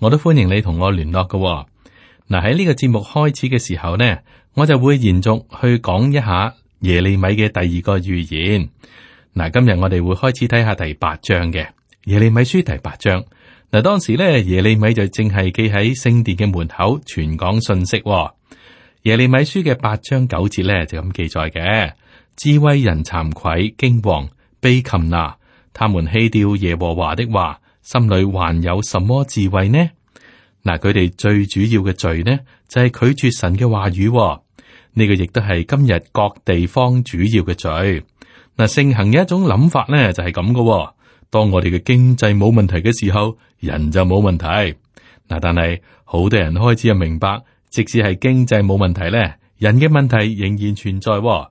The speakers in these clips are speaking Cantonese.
我都歡迎你同我聯絡嘅、哦。嗱，喺呢個節目開始嘅時候呢，我就會延續去講一下耶利米嘅第二個預言。嗱、啊，今日我哋會開始睇下第八章嘅耶利米書第八章。嗱、啊，當時呢耶利米就淨係記喺聖殿嘅門口傳講信息、哦。耶利米書嘅八章九節呢就咁記載嘅：智慧人慚愧，驚惶被擒拿，他們棄掉耶和華的話。心裏還有什麼智慧呢？嗱，佢哋最主要嘅罪呢，就係、是、拒絕神嘅話語、哦。呢、呢個亦都係今日各地方主要嘅罪。嗱，盛行嘅一種諗法呢，就係咁嘅。當我哋嘅經濟冇問題嘅時候，人就冇問題。嗱，但係好多人開始啊明白，即使係經濟冇問題呢，人嘅問題仍然存在、哦。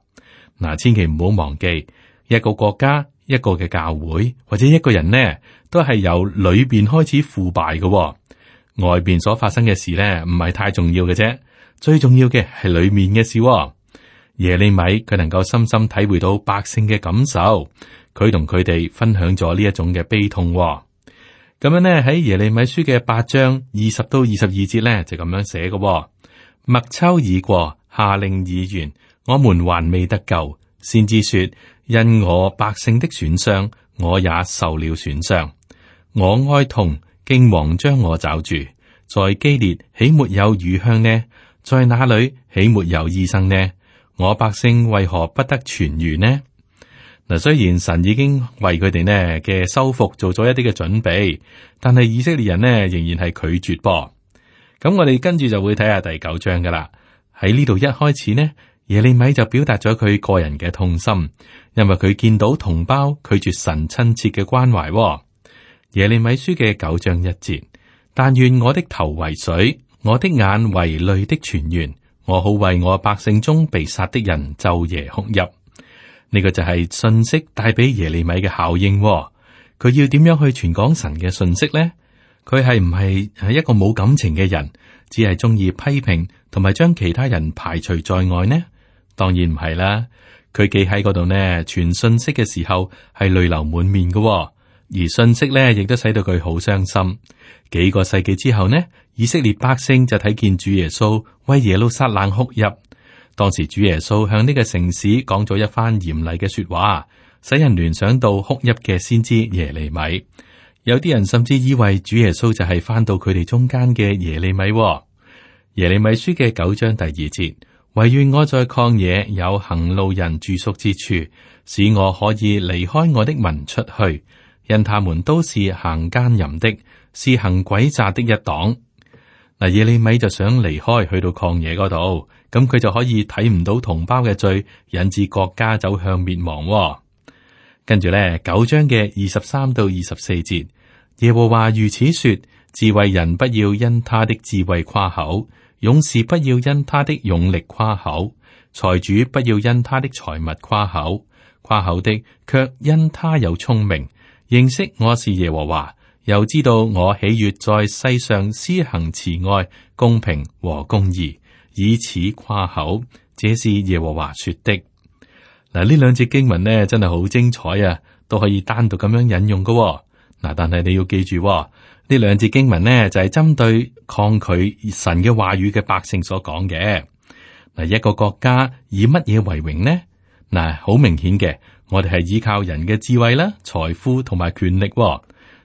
嗱，千祈唔好忘記，一個國家、一個嘅教會或者一個人呢，都係由裏邊開始腐敗嘅、哦，外邊所發生嘅事呢，唔係太重要嘅啫。最重要嘅係裏面嘅事、哦。耶利米佢能夠深深體會到百姓嘅感受，佢同佢哋分享咗呢一種嘅悲痛、哦。咁樣呢，喺耶利米書嘅八章二十到二十二節呢，就咁樣寫嘅、哦。麥秋已過，夏令已完，我們還未得救，先至說因我百姓的損傷，我也受了損傷。我哀痛，驚惶，將我抓住，在基列豈沒有乳香呢？在哪裏，豈沒有醫生呢？我百姓為何不得痊癒呢？嗱，雖然神已經為佢哋呢嘅修復做咗一啲嘅準備，但係以色列人呢仍然係拒絕噃。咁，我哋跟住就會睇下第九章噶啦。喺呢度一開始呢，耶利米就表達咗佢個人嘅痛心，因為佢見到同胞拒絕神親切嘅關懷。耶利米書嘅九章一節，但願我的頭為水，我的眼為淚的泉源，我好為我百姓中被殺的人晝夜哭泣。呢個就係信息帶俾耶利米嘅效應喎。佢要點樣去傳講神嘅信息呢？佢係唔係係一個冇感情嘅人，只係中意批評同埋將其他人排除在外呢？當然唔係啦。佢記喺嗰度呢，傳信息嘅時候係淚流滿面嘅喎。而信息呢亦都使到佢好傷心。幾個世紀之後呢，以色列百姓就睇見主耶穌為耶路撒冷哭泣。當時主耶穌向呢個城市講咗一番嚴厲嘅說話，使人聯想到哭泣嘅先知耶利米。有啲人甚至以為主耶穌就係翻到佢哋中間嘅耶利米耶。耶利米書嘅九章第二節，唯願我在曠野有行路人住宿之處，使我可以離開我的民出去。因他們都是行奸淫的，是行詭詐的一黨。嗱，耶利米就想離開，去到曠野嗰度，咁佢就可以睇唔到同胞嘅罪，引致國家走向滅亡、哦。跟住咧，九章嘅二十三到二十四節，耶和華如此說：智慧人不要因他的智慧誇口，勇士不要因他的勇力誇口，財主不要因他的財物誇口。誇口的卻因他有聰明。認識我是耶和華，又知道我喜悅在世上施行慈愛、公平和公義，以此誇口。這是耶和華說的。嗱，呢兩節經文呢真係好精彩啊，都可以單獨咁樣引用噶。嗱，但係你要記住，呢兩節經文呢就係針對抗拒神嘅話語嘅百姓所講嘅。嗱，一個國家以乜嘢為榮呢？嗱，好明顯嘅。.我哋係依靠人嘅智慧啦、財富同埋權力、哦，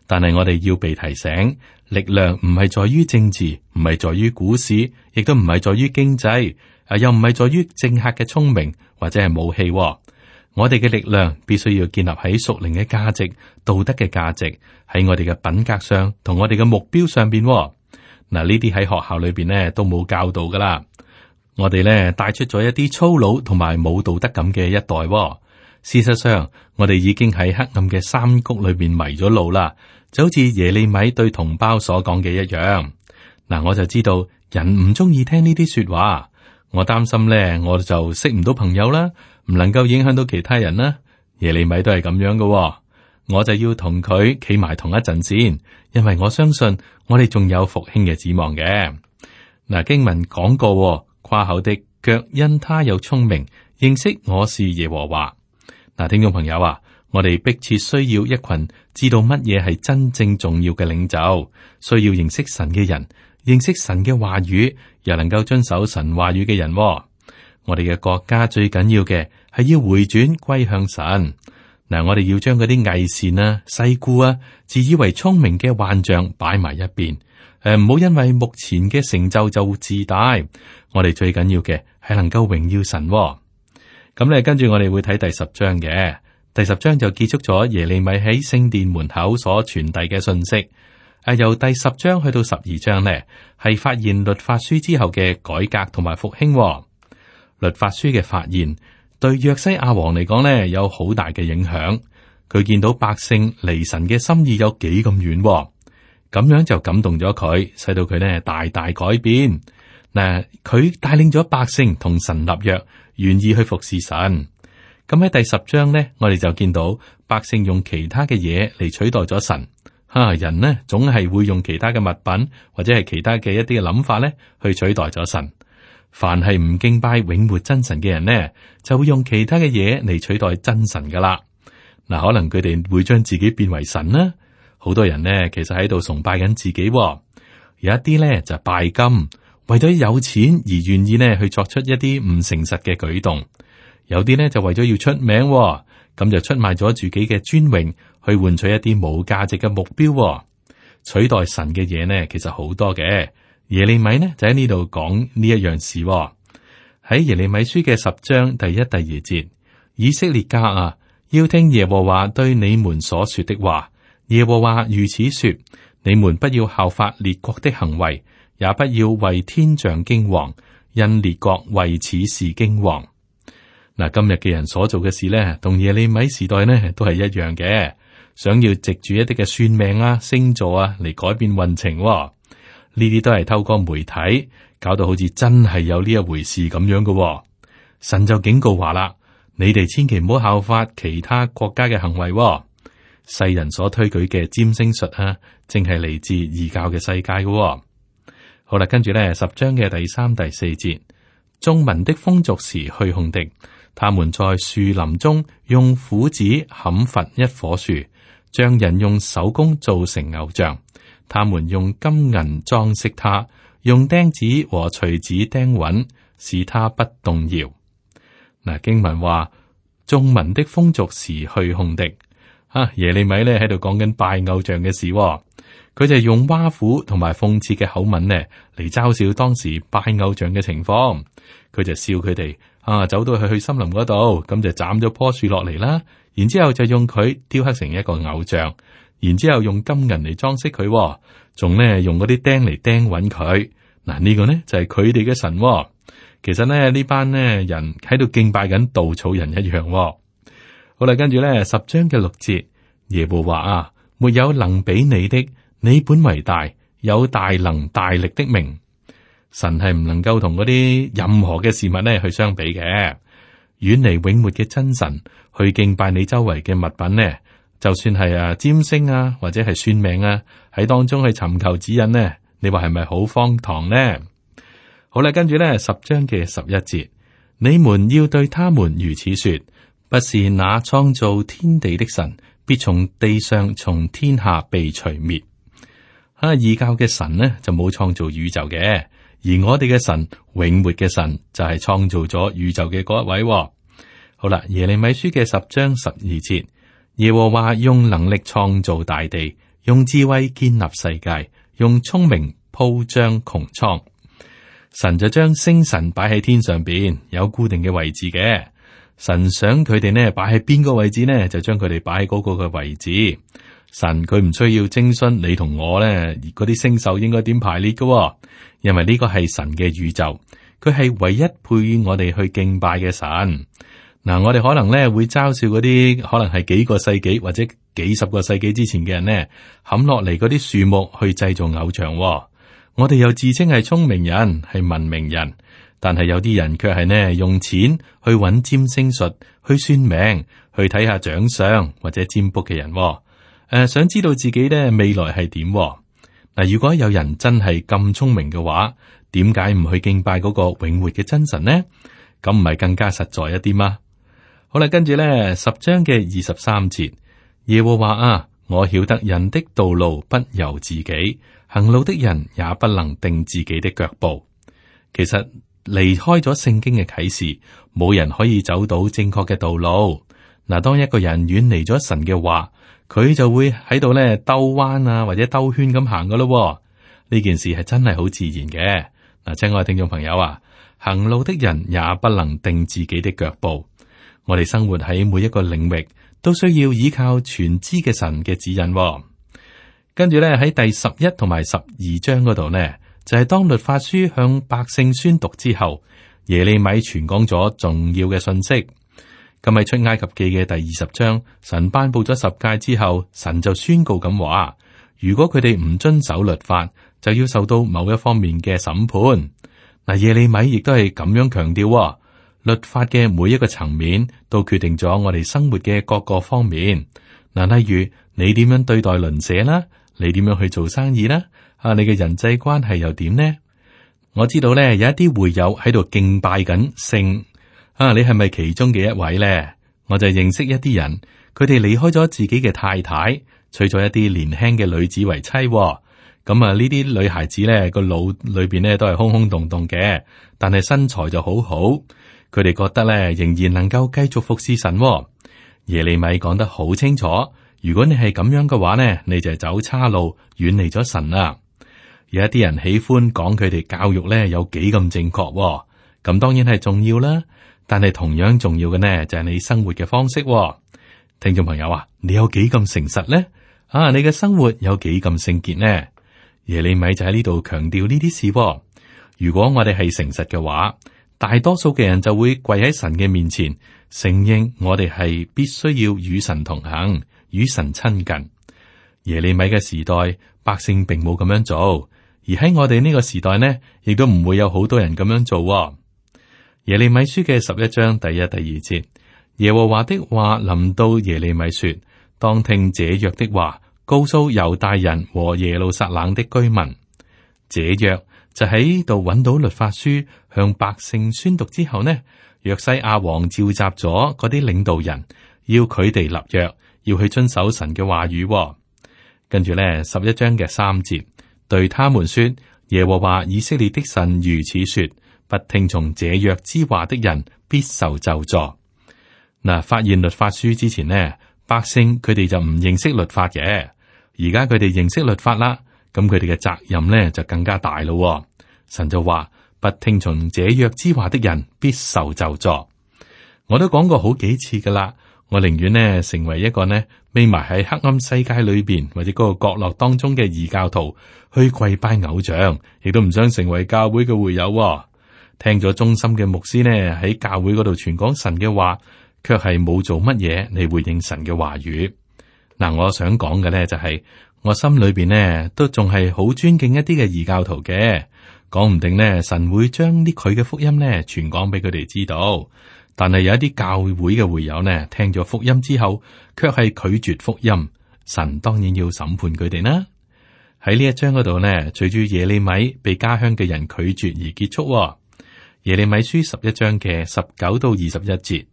但係我哋要被提醒，力量唔係在於政治，唔係在於股市，亦都唔係在於經濟，啊，又唔係在於政客嘅聰明或者係武器、哦。我哋嘅力量必須要建立喺屬靈嘅價值、道德嘅價值喺我哋嘅品格上，同我哋嘅目標上邊、哦、嗱。呢啲喺學校裏邊呢都冇教導噶啦。我哋咧帶出咗一啲粗魯同埋冇道德感嘅一代、哦。事實上，我哋已經喺黑暗嘅山谷裏面迷咗路啦，就好似耶利米對同胞所講嘅一樣。嗱，我就知道人唔中意聽呢啲說話，我擔心咧，我就識唔到朋友啦，唔能夠影響到其他人啦。耶利米都係咁樣嘅，我就要同佢企埋同一陣線，因為我相信我哋仲有復興嘅指望嘅。嗱，經文講過誇口的，卻因他有聰明，認識我是耶和華。嗱，聽眾朋友啊，我哋迫切需要一群知道乜嘢係真正重要嘅領袖，需要認識神嘅人，認識神嘅話語，又能夠遵守神話語嘅人。我哋嘅國家最緊要嘅係要回轉歸向神。嗱，我哋要將嗰啲偽善啊、世故啊、自以為聰明嘅幻象擺埋一邊。誒、呃，唔好因為目前嘅成就就自大。我哋最緊要嘅係能夠榮耀神。咁咧，跟住我哋會睇第十章嘅，第十章就結束咗耶利米喺聖殿門口所傳遞嘅信息。啊，由第十章去到十二章呢，係發現律法書之後嘅改革同埋復興喎。律法書嘅發現對約西亞王嚟講呢，有好大嘅影響。佢見到百姓離神嘅心意有幾咁遠喎，咁樣就感動咗佢，使到佢呢，大大改變。嗱，佢帶領咗百姓同神立約，願意去服侍神。咁喺第十章呢，我哋就見到百姓用其他嘅嘢嚟取代咗神。吓、啊，人呢，總係會用其他嘅物品或者係其他嘅一啲嘅諗法咧去取代咗神。凡係唔敬拜永活真神嘅人呢，就會用其他嘅嘢嚟取代真神噶啦。嗱，可能佢哋會將自己變為神啦。好多人呢，其實喺度崇拜緊自己。有一啲咧就是、拜金。為咗有錢而願意呢去作出一啲唔誠實嘅舉動，有啲呢就為咗要出名，咁就出賣咗自己嘅尊榮，去換取一啲冇價值嘅目標。取代神嘅嘢呢，其實好多嘅。耶利米呢就喺呢度講呢一樣事，喺耶利米書嘅十章第一、第二節，以色列家啊，要聽耶和華對你們所說的話。耶和華如此說：你們不要效法列國的行為。也不要為天象驚惶，因列國為此事驚惶。嗱，今日嘅人所做嘅事呢，同耶利米時代呢都係一樣嘅，想要藉住一啲嘅算命啊、星座啊嚟改變運程喎。呢啲都係透過媒體搞到好似真係有呢一回事咁樣嘅喎。神就警告話啦：「你哋千祈唔好效法其他國家嘅行為喎。」世人所推舉嘅占星術啊，正係嚟自異教嘅世界嘅喎。好啦，跟住咧十章嘅第三、第四節，眾民的風俗是虛空的，他們在樹林中用斧子砍伐一棵樹，匠人用手工做成偶像，他們用金銀裝飾它，用釘子和錘子釘穩，使它不動搖。嗱、啊，經文話眾民的風俗是虛空的，哈耶利米咧喺度講緊拜偶像嘅事、哦。佢就用挖苦同埋諷刺嘅口吻咧，嚟嘲笑當時拜偶像嘅情況。佢就笑佢哋啊，走到去去森林嗰度，咁就斬咗棵樹落嚟啦。然之後就用佢雕刻成一個偶像，然之後用金銀嚟裝飾佢，仲咧用嗰啲釘嚟釘穩佢嗱。呢、呢個呢就係佢哋嘅神、哦。其實呢呢班呢人喺度敬拜緊稻草人一樣、哦。好啦，跟住呢十章嘅六節，耶和華話啊，沒有能比你的。你本為大，有大能大力的名，神係唔能夠同嗰啲任何嘅事物咧去相比嘅。遠離永沒嘅真神去敬拜你周圍嘅物品呢？就算係啊占星啊或者係算命啊喺當中去尋求指引呢，你話係咪好荒唐呢？好啦，跟住呢十章嘅十一節，你們要對他們如此說：不是那創造天地的神必從地上從天下被除滅。啊！異教嘅神呢就冇創造宇宙嘅，而我哋嘅神、永活嘅神就係創造咗宇宙嘅嗰一位、哦。好啦，《耶利米書》嘅十章十二節，耶和華用能力創造大地，用智慧建立世界，用聰明鋪張穹蒼。神就將星辰擺喺天上邊，有固定嘅位置嘅。神想佢哋呢擺喺邊個位置呢，就將佢哋擺喺嗰個嘅位置。神佢唔需要徵詢你同我咧，嗰啲星宿應該點排列嘅、哦，因為呢個係神嘅宇宙，佢係唯一配我哋去敬拜嘅神嗱、嗯。我哋可能咧會嘲笑嗰啲可能係幾個世紀或者幾十個世紀之前嘅人咧，砍落嚟嗰啲樹木去製造偶像、哦。我哋又自稱係聰明人，係文明人，但係有啲人卻係咧用錢去揾占星術，去算命，去睇下掌相或者占卜嘅人、哦。誒，想知道自己呢未來係點嗱？如果有人真係咁聰明嘅話，點解唔去敬拜嗰個永活嘅真神呢？咁唔係更加實在一啲嗎？好啦，跟住咧十章嘅二十三節，耶和華啊，我曉得人的道路不由自己，行路的人也不能定自己的腳步。其實離開咗聖經嘅啟示，冇人可以走到正確嘅道路嗱。當一個人遠離咗神嘅話，佢就會喺度咧兜彎啊，或者兜圈咁行噶咯，呢件事係真係好自然嘅。嗱，親愛的聽眾朋友啊，行路的人也不能定自己的腳步。我哋生活喺每一個領域，都需要依靠全知嘅神嘅指引。跟住咧喺第十一同埋十二章嗰度呢，就係當律法書向百姓宣讀之後，耶利米傳講咗重要嘅信息。咁咪出埃及記嘅第二十章，神頒布咗十誡之後，神就宣告咁話：如果佢哋唔遵守律法，就要受到某一方面嘅審判。嗱，耶利米亦都係咁樣強調：律法嘅每一個層面，都決定咗我哋生活嘅各個方面。嗱，例如你點樣對待鄰舍呢？你點樣去做生意呢？啊，你嘅人際關係又點呢？我知道呢，有一啲會友喺度敬拜緊聖。啊，你係咪其中嘅一位呢？我就認識一啲人，佢哋離開咗自己嘅太太，娶咗一啲年輕嘅女子為妻，哦。咁、嗯、啊，呢啲女孩子呢個腦裏邊呢都係空空洞洞嘅，但係身材就好好。佢哋覺得呢仍然能夠繼續服侍神，哦。耶利米講得好清楚，如果你係咁樣嘅話呢，你就係走岔路，遠離咗神啦。有一啲人喜歡講佢哋教育呢有幾咁正確，哦，咁、嗯、當然係重要啦。但係同樣重要嘅呢，就係、是、你生活嘅方式、哦。聽眾朋友啊，你有幾咁誠實呢？啊，你嘅生活有幾咁聖潔呢？耶利米就喺呢度強調呢啲事、哦。如果我哋係誠實嘅話，大多數嘅人就會跪喺神嘅面前，承認我哋係必須要與神同行，與神親近。耶利米嘅時代，百姓並冇咁樣做，而喺我哋呢個時代呢，亦都唔會有好多人咁樣做、哦。耶利米書嘅十一章第一、第二節，耶和華的話臨到耶利米說：當聽這約的話，告訴猶大人和耶路撒冷的居民。這約就喺度搵到律法書，向百姓宣讀之後呢，約西亞王召集咗嗰啲領導人，要佢哋立約，要去遵守神嘅話語。跟住呢，十一章嘅三節，對他們說：耶和華以色列的神如此說。不聽從這約之話的人，必受咒詛。嗱、呃，發現律法書之前呢，百姓佢哋就唔認識律法嘅。而家佢哋認識律法啦，咁佢哋嘅責任咧就更加大咯、哦。神就話：「不聽從這約之話的人，必受咒詛。」我都講過好幾次噶啦，我寧願呢成為一個咧匿埋喺黑暗世界裏邊或者嗰個角落當中嘅異教徒去跪拜偶像，亦都唔想成為教會嘅會友、哦。聽咗中心嘅牧師呢，喺教會嗰度傳講神嘅話，卻係冇做乜嘢嚟回應神嘅話語。嗱、呃，我想講嘅呢，就係、是、我心裏邊呢，都仲係好尊敬一啲嘅異教徒嘅，講唔定呢，神會將啲佢嘅福音呢傳講俾佢哋知道。但係有一啲教會嘅會友呢，聽咗福音之後，卻係拒絕福音，神當然要審判佢哋啦。喺呢一章嗰度呢，隨住耶利米被家鄉嘅人拒絕而結束、哦。耶利米書十一章嘅十九到二十一節，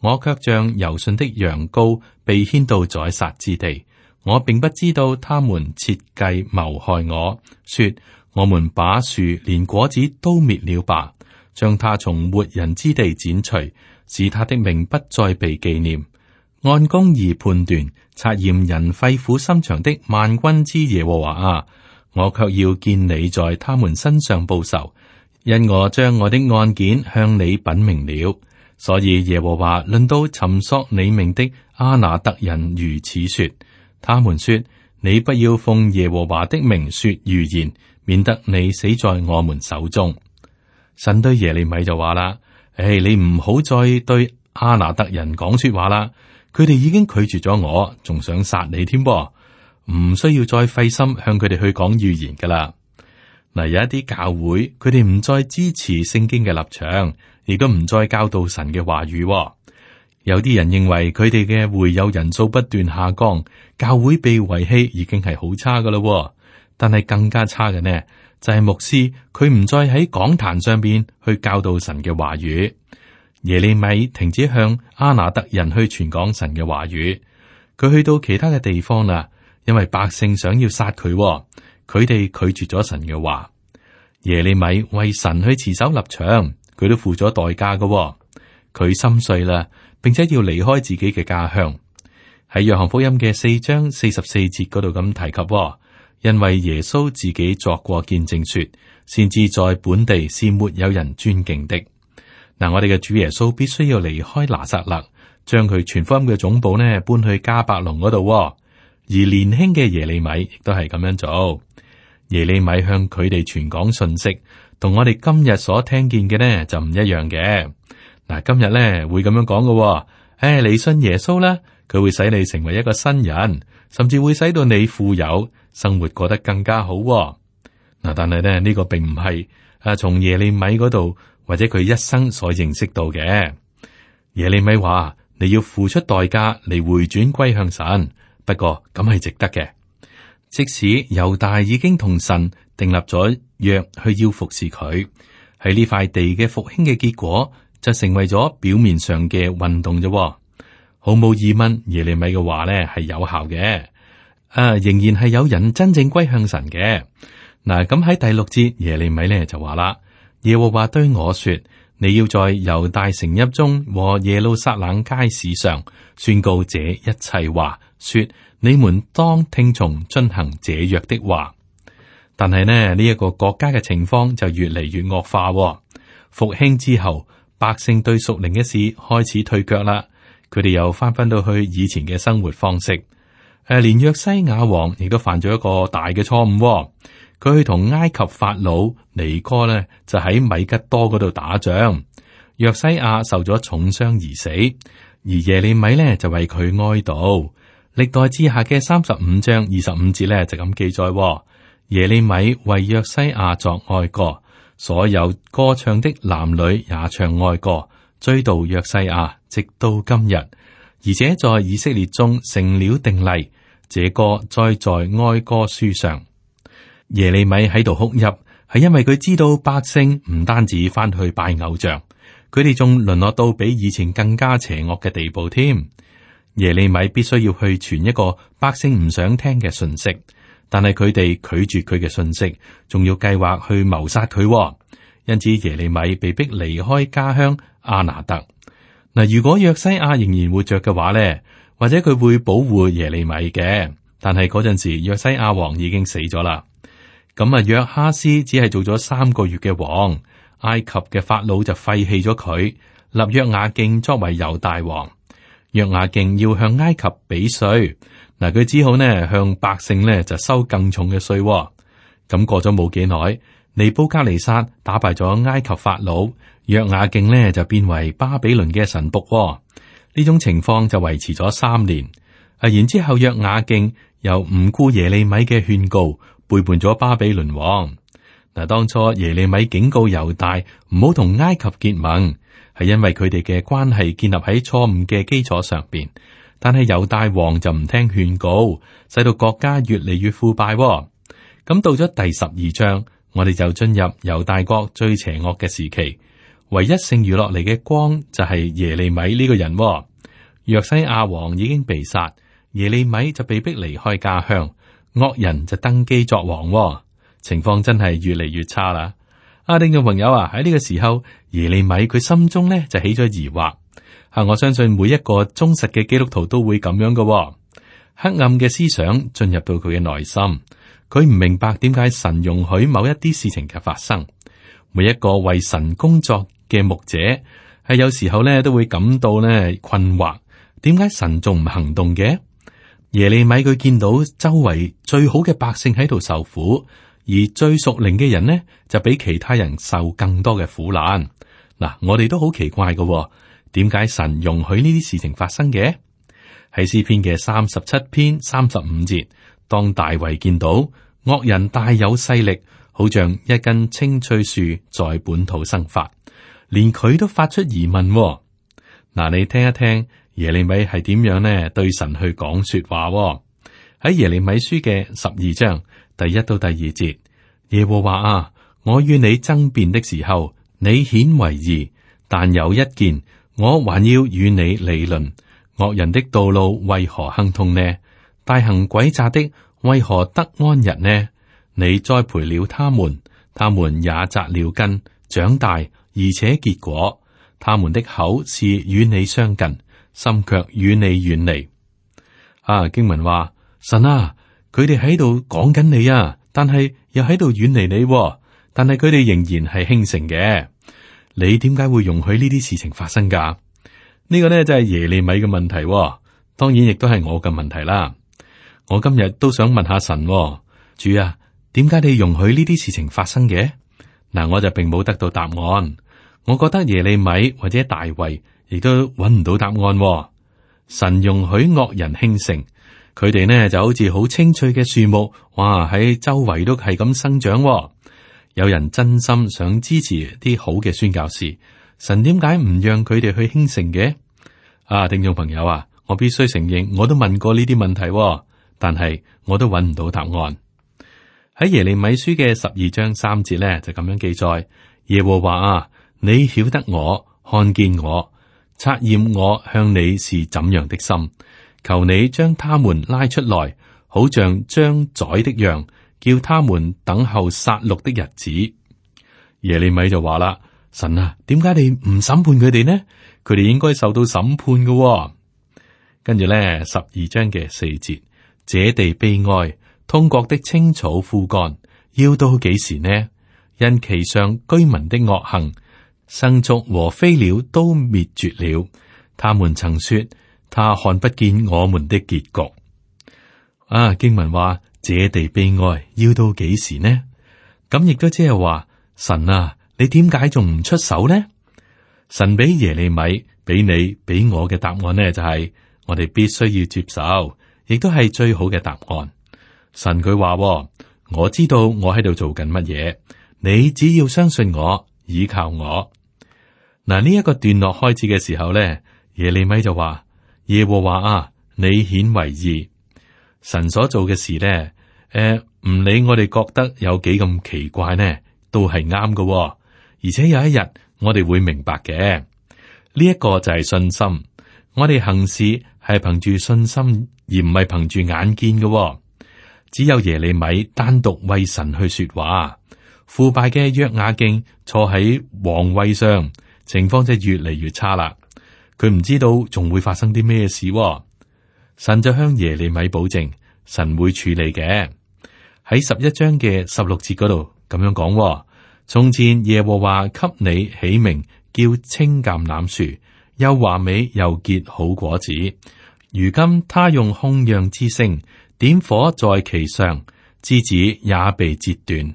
我卻像柔順的羊羔被牽到宰殺之地，我並不知道他們設計謀害我，說我們把樹連果子都滅了吧，將他從活人之地剪除，使他的命不再被紀念。按公義判斷，察驗人肺腑心腸的萬軍之耶和華啊，我卻要見你在他們身上報仇。因我將我的案件向你稟明了，所以耶和華論到尋索你命的亞拿突人如此說：他們說你不要奉耶和華的名說預言，免得你死在我們手中。神對耶利米就話啦：誒、哎，你唔好再對亞拿突人講說話啦，佢哋已經拒絕咗我，仲想殺你添噃。唔需要再費心向佢哋去講預言噶啦。嗱，有一啲教會，佢哋唔再支持聖經嘅立場，亦都唔再教導神嘅話語、哦。有啲人認為佢哋嘅會友人數不斷下降，教會被遺棄已經係好差噶啦、哦。但係更加差嘅呢，就係、是、牧師佢唔再喺講壇上邊去教導神嘅話語。耶利米停止向亞拿突人去傳講神嘅話語，佢去到其他嘅地方啦，因為百姓想要殺佢、哦。佢哋拒絕咗神嘅話，耶利米為神去持守立場，佢都付咗代價㗎、哦。佢心碎啦，並且要離開自己嘅家鄉，喺約翰福音嘅四章四十四節嗰度咁提及、哦，因為耶穌自己作過見證說，說先知在本地是沒有人尊敬的。嗱、啊，我哋嘅主耶穌必須要離開拿撒勒，將佢全福音嘅總部呢搬去迦百農嗰度。而年輕嘅耶利米亦都係咁樣做。耶利米向佢哋傳講信息，同我哋今日所聽見嘅呢就唔一樣嘅。嗱，今日呢會咁樣講嘅、哦，誒、哎，你信耶穌啦，佢會使你成為一個新人，甚至會使到你富有，生活過得更加好、哦。嗱，但係呢，呢、呢個並唔係啊，從耶利米嗰度或者佢一生所認識到嘅。耶利米話你要付出代價嚟回轉歸向神，不過咁係值得嘅。即使猶大已經同神訂立咗約去要服侍佢，喺呢塊地嘅復興嘅結果就成為咗表面上嘅運動啫，毫無疑問。耶利米嘅話呢係有效嘅，誒、啊，仍然係有人真正歸向神嘅。嗱、啊，咁喺第六節耶利米呢就話啦：耶和華對我說，你要在猶大城邑中和耶路撒冷街市上宣告這一切話，說。你們當聽從遵行這約的話，但係呢呢一、這個國家嘅情況就越嚟越惡化、哦。復興之後，百姓對屬靈一事開始退腳啦，佢哋又翻翻到去以前嘅生活方式。誒、啊，連約西亞王亦都犯咗一個大嘅錯誤，佢去同埃及法老尼哥呢，就喺米吉多嗰度打仗，約西亞受咗重傷而死，而耶利米呢，就為佢哀悼。歷代志下嘅三十五章二十五節咧就咁記載、哦：耶利米為約西亞作哀歌，所有歌唱的男女也唱哀歌，追悼約西亞，直到今日。而且在以色列中成了定例，這歌載在哀歌書上。耶利米喺度哭泣，係因為佢知道百姓唔單止翻去拜偶像，佢哋仲淪落到比以前更加邪惡嘅地步添。耶利米必須要去傳一個百姓唔想聽嘅信息，但係佢哋拒絕佢嘅信息，仲要計劃去謀殺佢，因此耶利米被迫離開家鄉阿拿特。嗱，如果約西亞仍然活着嘅話咧，或者佢會保護耶利米嘅，但係嗰陣時約西亞王已經死咗啦。咁啊，約哈斯只係做咗三個月嘅王，埃及嘅法老就廢棄咗佢，立約雅敬作為猶大王。約雅敬要向埃及俾稅，嗱佢只好呢向百姓呢就收更重嘅稅。咁過咗冇幾耐，尼布加尼撒打敗咗埃及法老，約雅敬呢就變為巴比倫嘅神僕。呢種情況就維持咗三年。啊，然之後約雅敬又唔顧耶利米嘅勸告，背叛咗巴比倫王。嗱，當初耶利米警告猶大唔好同埃及結盟。係因為佢哋嘅關係建立喺錯誤嘅基礎上邊，但係猶大王就唔聽勸告，使到國家越嚟越腐敗、哦。咁到咗第十二章，我哋就進入猶大國最邪惡嘅時期。唯一剩餘落嚟嘅光就係耶利米呢個人、哦。約西亞王已經被殺，耶利米就被逼離開家鄉，惡人就登基作王、哦。情況真係越嚟越差啦。啊，聽眾朋友啊，喺呢個時候。耶利米佢心中咧就起咗疑惑，吓，我相信每一個忠實嘅基督徒都會咁樣嘅、哦。黑暗嘅思想進入到佢嘅內心，佢唔明白點解神容許某一啲事情嘅發生。每一個為神工作嘅牧者，係有時候咧都會感到呢困惑，點解神仲唔行動嘅？耶利米佢見到周圍最好嘅百姓喺度受苦，而最屬靈嘅人呢，就比其他人受更多嘅苦難。嗱，我哋都好奇怪嘅，點解神容許呢啲事情發生嘅？喺詩篇嘅三十七篇三十五節，當大衛見到惡人大有勢力，好像一根青翠樹在本土生發，連佢都發出疑問。嗱，你聽一聽耶利米係點樣呢？對神去講說話。喺耶利米書嘅十二章第一到第二節，耶和華啊，我與你爭辯的時候。你顯為義，但有一件，我還要與你理論：惡人的道路為何亨通呢？大行詭詐的為何得安逸呢？你栽培了他們，他們也扎了根，長大而且結果。他們的口是與你相近，心卻與你遠離。啊！經文話：神啊，佢哋喺度講緊你啊，但係又喺度遠離你啊。但係佢哋仍然係興盛嘅。你點解會容許呢啲事情發生噶？這個、呢個咧就係、是、耶利米嘅問題、哦，當然亦都係我嘅問題啦。我今日都想問下神、哦、主啊，點解你容許呢啲事情發生嘅？嗱，我就並冇得到答案。我覺得耶利米或者大衛亦都揾唔到答案、哦。神容許惡人興盛，佢哋呢就好似好青翠嘅樹木，哇喺周圍都係咁生長、哦。有人真心想支持啲好嘅宣教士，神點解唔讓佢哋去興盛嘅？啊，聽眾朋友啊，我必須承認，我都問過呢啲問題，啊，但係我都揾唔到答案。喺耶利米書嘅十二章三節咧，就咁樣記載：耶和華啊，你曉得我，看見我，察驗我向你是怎樣的心，求你將他們拉出來，好像將宰的羊。叫他們等候殺戮的日子。耶利米就話啦：神啊，點解你唔審判佢哋呢？佢哋應該受到審判㗎、哦。跟住咧，十二章嘅四節，這地悲哀，通國的青草枯乾，要到幾時呢？因其上居民的惡行，牲畜和飛鳥都滅絕了。他們曾說：他看不見我們的結局。啊，經文話。這地悲哀要到幾時呢？咁亦都即係話，神啊，你點解仲唔出手呢？神俾耶利米俾你俾我嘅答案呢、就是？就係我哋必須要接受，亦都係最好嘅答案。神佢話：我知道我喺度做緊乜嘢，你只要相信我，依靠我。嗱，呢一個段落開始嘅時候呢，耶利米就話：耶和華啊，你顯為義。神所做嘅事呢，誒、呃，唔理我哋覺得有幾咁奇怪呢，都係啱嘅。而且有一日我哋會明白嘅，呢、這、一個就係信心。我哋行事係憑住信心，而唔係憑住眼見嘅、哦。只有耶利米單獨為神去說話。腐敗嘅約雅敬坐喺皇位上，情況就越嚟越差啦。佢唔知道仲會發生啲咩事、哦。神就向耶利米保證，神會處理嘅。喺十一章嘅十六節嗰度咁樣講，哦。從前耶和華給你起名叫青橄欖樹，又華美又結好果子。如今他用空揚之聲點火在其上，枝子也被折斷。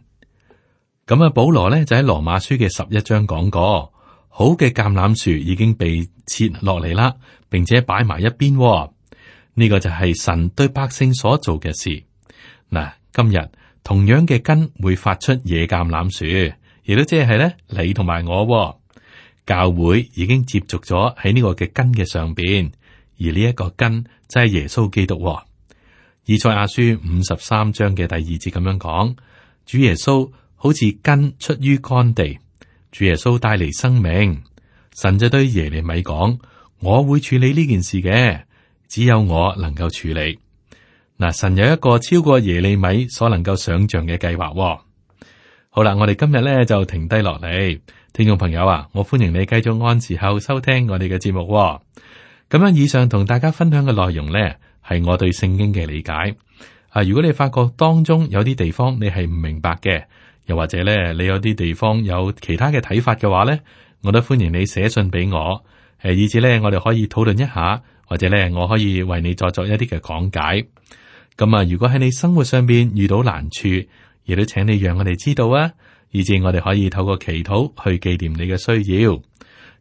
咁啊，保羅呢，就喺羅馬書嘅十一章講過，好嘅橄欖樹已經被切落嚟啦，並且擺埋一邊，哦。呢個就係神對百姓所做嘅事嗱。今日同樣嘅根會發出野橄欖樹，亦都即係咧你同埋我教會已經接觸咗喺呢個嘅根嘅上邊，而呢一個根即係耶穌基督。以賽亞書五十三章嘅第二節咁樣講：主耶穌好似根出於乾地，主耶穌帶嚟生命。神就對耶利米講：我會處理呢件事嘅。只有我能夠處理嗱、啊。神有一個超過耶利米所能夠想象嘅計劃、哦。好啦，我哋今日咧就停低落嚟，聽眾朋友啊，我歡迎你繼續按時候收聽我哋嘅節目、哦。咁樣以上同大家分享嘅內容呢，係我對聖經嘅理解啊。如果你發覺當中有啲地方你係唔明白嘅，又或者咧你有啲地方有其他嘅睇法嘅話呢，我都歡迎你寫信俾我，誒、啊，以此呢，我哋可以討論一下。或者咧，我可以為你再作，作一啲嘅講解。咁啊，如果喺你生活上邊遇到難處，亦都請你讓我哋知道啊，以至我哋可以透過祈禱去紀念你嘅需要。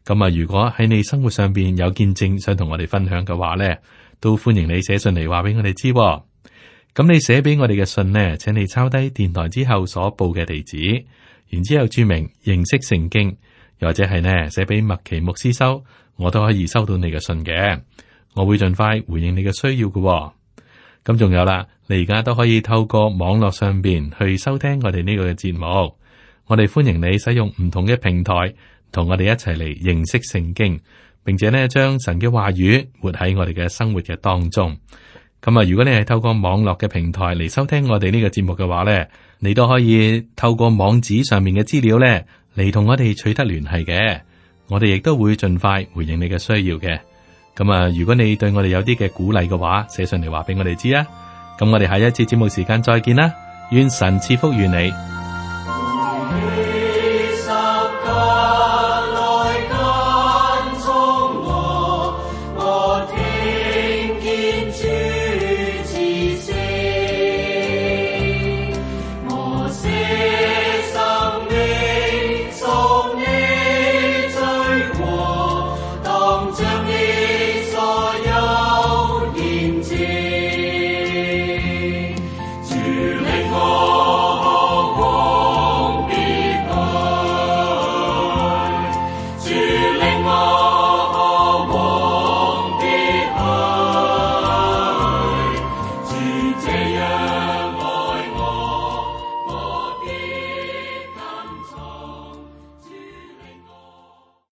咁啊，如果喺你生活上邊有見證想同我哋分享嘅話咧，都歡迎你寫信嚟話俾我哋知。咁你寫俾我哋嘅信呢，請你抄低電台之後所報嘅地址，然之後注明認識聖經，又或者係呢，寫俾麥奇牧師收，我都可以收到你嘅信嘅。我會盡快回應你嘅需要嘅哦。咁仲有啦，你而家都可以透過網絡上邊去收聽我哋呢個嘅節目。我哋歡迎你使用唔同嘅平台，同我哋一齊嚟認識聖經，並且呢，將神嘅話語活喺我哋嘅生活嘅當中。咁啊，如果你係透過網絡嘅平台嚟收聽我哋呢個節目嘅話呢，你都可以透過網址上面嘅資料呢嚟同我哋取得聯繫嘅。我哋亦都會盡快回應你嘅需要嘅。咁啊，如果你對我哋有啲嘅鼓勵嘅話，寫上嚟話俾我哋知啊！咁我哋下一次節目時間再見啦！願神賜福於你。